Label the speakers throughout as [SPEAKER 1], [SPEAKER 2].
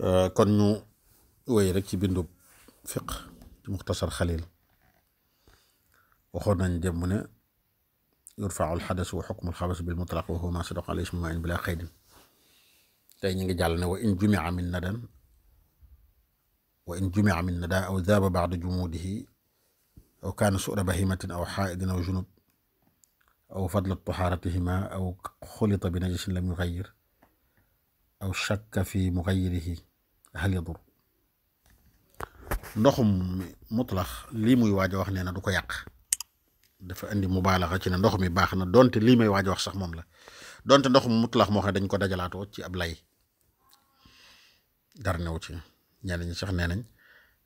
[SPEAKER 1] Euh, kon ñu wéy rek ci bindu fiq ci muxtasar xalil waxoon nañ démb ne yurfau alxadas wa xukmu alxabas bil mutlaq wa huwa ma sadaq ala ismu ma in bila xaydin tey ñu ngi jàll ne wa in jumia min nadan wa in jumia min nadan aw zaaba baada jumudihi aw kaana suura bahimatin aw xaaidin aw junub aw fadla taharatihima aw xulita bi najisin lam yuxayir aw shakka fi muxayirihi hal yadur ndoxum mutlax lii muy waaj a wax nee na du ko yàq dafa indi mubaalaxa ci ne ndox mi baax na donte lii may waaj a wax sax moom la donte ndoxum mutlax moo xam dañ ko dajalaatoo ci ab lay dara newu ci ñenn sax nee nañ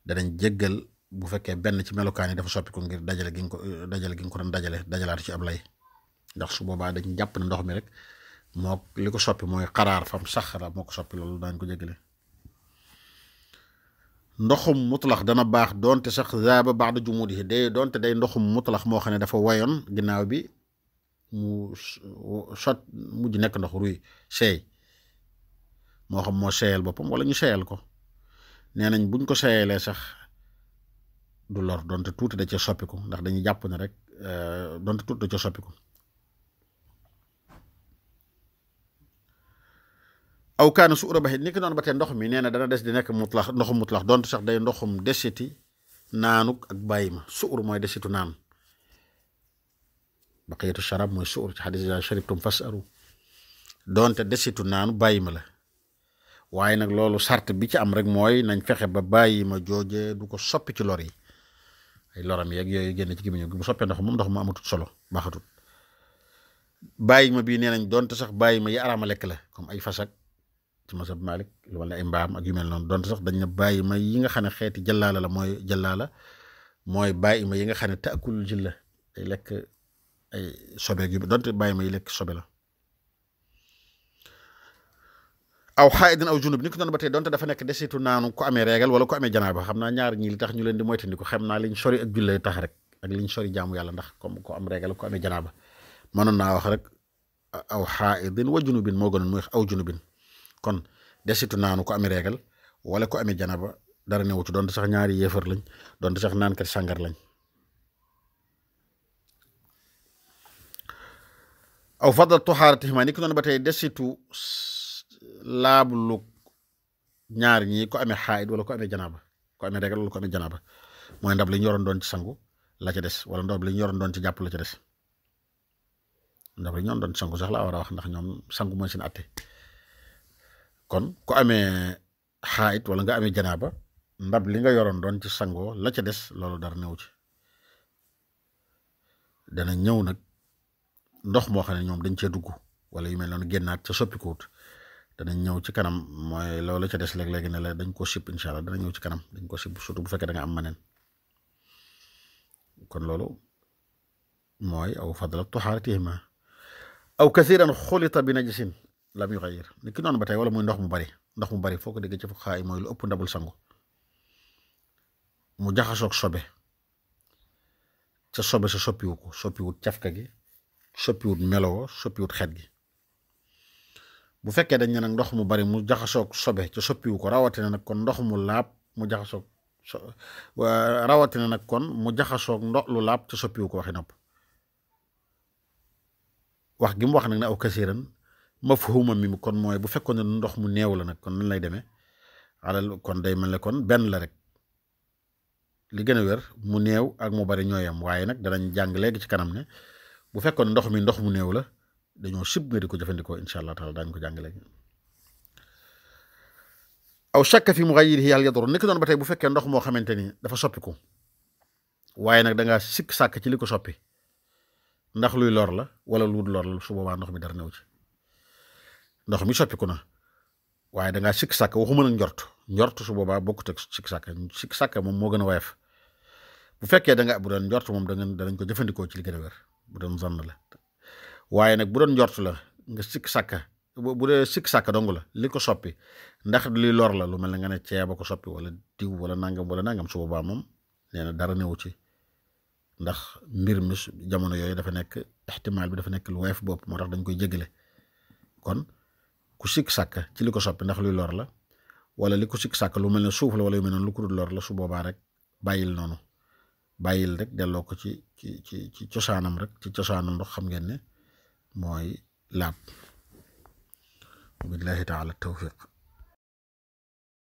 [SPEAKER 1] danañ jéggal bu fekkee benn ci melokaan yi dafa soppiku ngir dajale gi ko eh, dajale gi nga ko doon dajale dajalaatu ci ab lay ndax su boobaa dañ jàpp ne ndox mi rek moo li ko soppi mooy xaraar fam sax moo ko soppi loolu daañ ko jéggale ndoxum mutlax dana baax donte sax zaaba baax da yi day donte day ndoxum mutlax moo xam ne dafa wayoon ginnaaw bi mu sot mujj nekk ndox ruy seey moo xam moo seeyal boppam wala ñu seeyal ko nee nañ buñ ko seeyalee sax du lor donte tuuti da cee soppiku ndax dañuy jàpp ne rek euh, donte tuuti da cee soppiku aw kaana su urabaxit ni ki noonu ba tey ndox mi nee na dana des di nekk mutlax ndoxum mutlax donte sax day ndoxum desiti ak bàyyi ma suur mooy desitu naan mooy suur ci xadis yaa sharibtum fasaru donte desitu naanu bàyyi ma la waaye nag loolu sart bi ci am rek mooy nañ fexe ba bàyyi ma jooje du ko soppi ci lor yi ay loram yeeg yooyu génn ci gémmiñ bu soppee ndox moom ndox mu amatut solo baaxatut bàyyi ma bii nee nañ donte sax bàyyi ma yi araama lekk la comme ay fasak ci masab Malik wala ay mbaam ak yu mel noonu donte sax dañ ne bàyyi ma yi nga xam ne xeeti jëllaala la mooy jëllaala mooy bàyyi ma yi nga xam ne taakul jël la day lekk ay sobe yu donte yi lekk sobe la aw xaayidin aw junub ni ko noonu ba tey donte dafa nekk desitu naanu ko amee reegal wala ko amee janaaba xam naa ñaar ñi li ñu leen di moytandiku xam naa liñ sori ak jullee tax rek ak liñ sori jaamu ndax comme ko am reegal ko amee janaaba mënoon naa wax rek aw xaayidin wa junubin moo gënoon muy aw junubin kon desitu naanu ko amee régal wala ko amee janaba dara newu ci sax ñaari yéefar lañ doonte sax naankat sàngar lañ aw ba tey desitu laablu ñaar ñi ko amee xaayit wala ko amee janaba ko amee régal wala janaba mooy ndab li ñu doon ci sangu la ca des wala ndab li yoroon doon ci jàpp la ca des ndab li ñu sangu sax la war a wax ndax ñoom sangu mooy seen kon ku amee xaayit wala nga amee janaaba ndab li nga yoroon doon ci sangoo la ca des loolu dara new ci dana ñëw nag ndox moo xam ne ñoom dañ cee dugg wala yi mel noonu génnaat ca soppikuwut danañ ñëw ci kanam mooy loolu ca des léeg-léegi ne la dañ koo sib incha dana ñëw ci kanam dañ ko sib surtout bu fekkee da nga am maneen kon loolu mooy aw fadla tuxaaratihima aw kathiran xulita bi najisin lam yu xayir ni ki noonu ba tey wala muy ndox mu bari ndox mu bari foo ko déggee ci fu xaay mooy lu ëpp ndabul sangu mu jaxasoog sobe sa sobe sa soppiwu soppiwut cafka gi soppiwut melowoo soppiwut xet gi bu fekkee dañ ne ndox mu bari mu jaxasoog sobe ca soppiwu ko rawatina nag kon ndox mu laab mu jaxasoog so rawatina nag kon mu jaxasook ndox lu laab ca soppiwu ko waxi nopp wax gi mu wax nag ne aw kasiran mafhuma mi kon mooy bu fekkoon ne ndox mu neew la nag kon nan lay demee alal kon day mel ne kon benn la rek li gën a wér mu néew ak mu bari ñooyam waaye nag danañ jàng léegi ci kanam ne bu fekkoon ndox mi ndox mu néew la dañoo sib nga di ko jëfandikoo incha allah taala daañu ko jàng léegi aw shakka fi mu mughayyirihi hal yadur nekk doon ba tey bu fekkee ndox moo xamante ni dafa soppiku waaye nag da ngaa sikk sàkk ci li ko soppi ndax luy lor la wala lu lor la su boobaa ndox mi dara néew ci. ndox mi soppiku na waaye da ngaa sikk sàkk waxuma nag njort njort su boobaa bokkut ak sikk sàkk sikk sàkk moom moo gën a woyof bu fekkee da nga bu doon njort moom da nga danañ ko jëfandikoo ci a wér bu doon zann la waaye nag bu doon njort la nga sikk sàkk bu dee sikk sàkk dong la li ko soppi ndax li lor la lu mel ne nga ne ceeba ko soppi wala diw wala nangam wala nangam su boobaa moom nee na dara newu ci ndax mbir mi jamono yooyu dafa nekk ixtimaal bi dafa nekk lu woyof bopp moo tax dañ koy jégale ku sikk sàkk ci li ko soppi ndax luy lor la wala li ko sikk sàkk lu mel ne suuf la wala yu mel noonu lu ko dul la su boobaa rek bàyyil noonu bàyyil rek delloo ko ci ci ci ci cosaanam rek ci cosaanam ndox xam ngeen ne mooy laab billahi taala tawfiq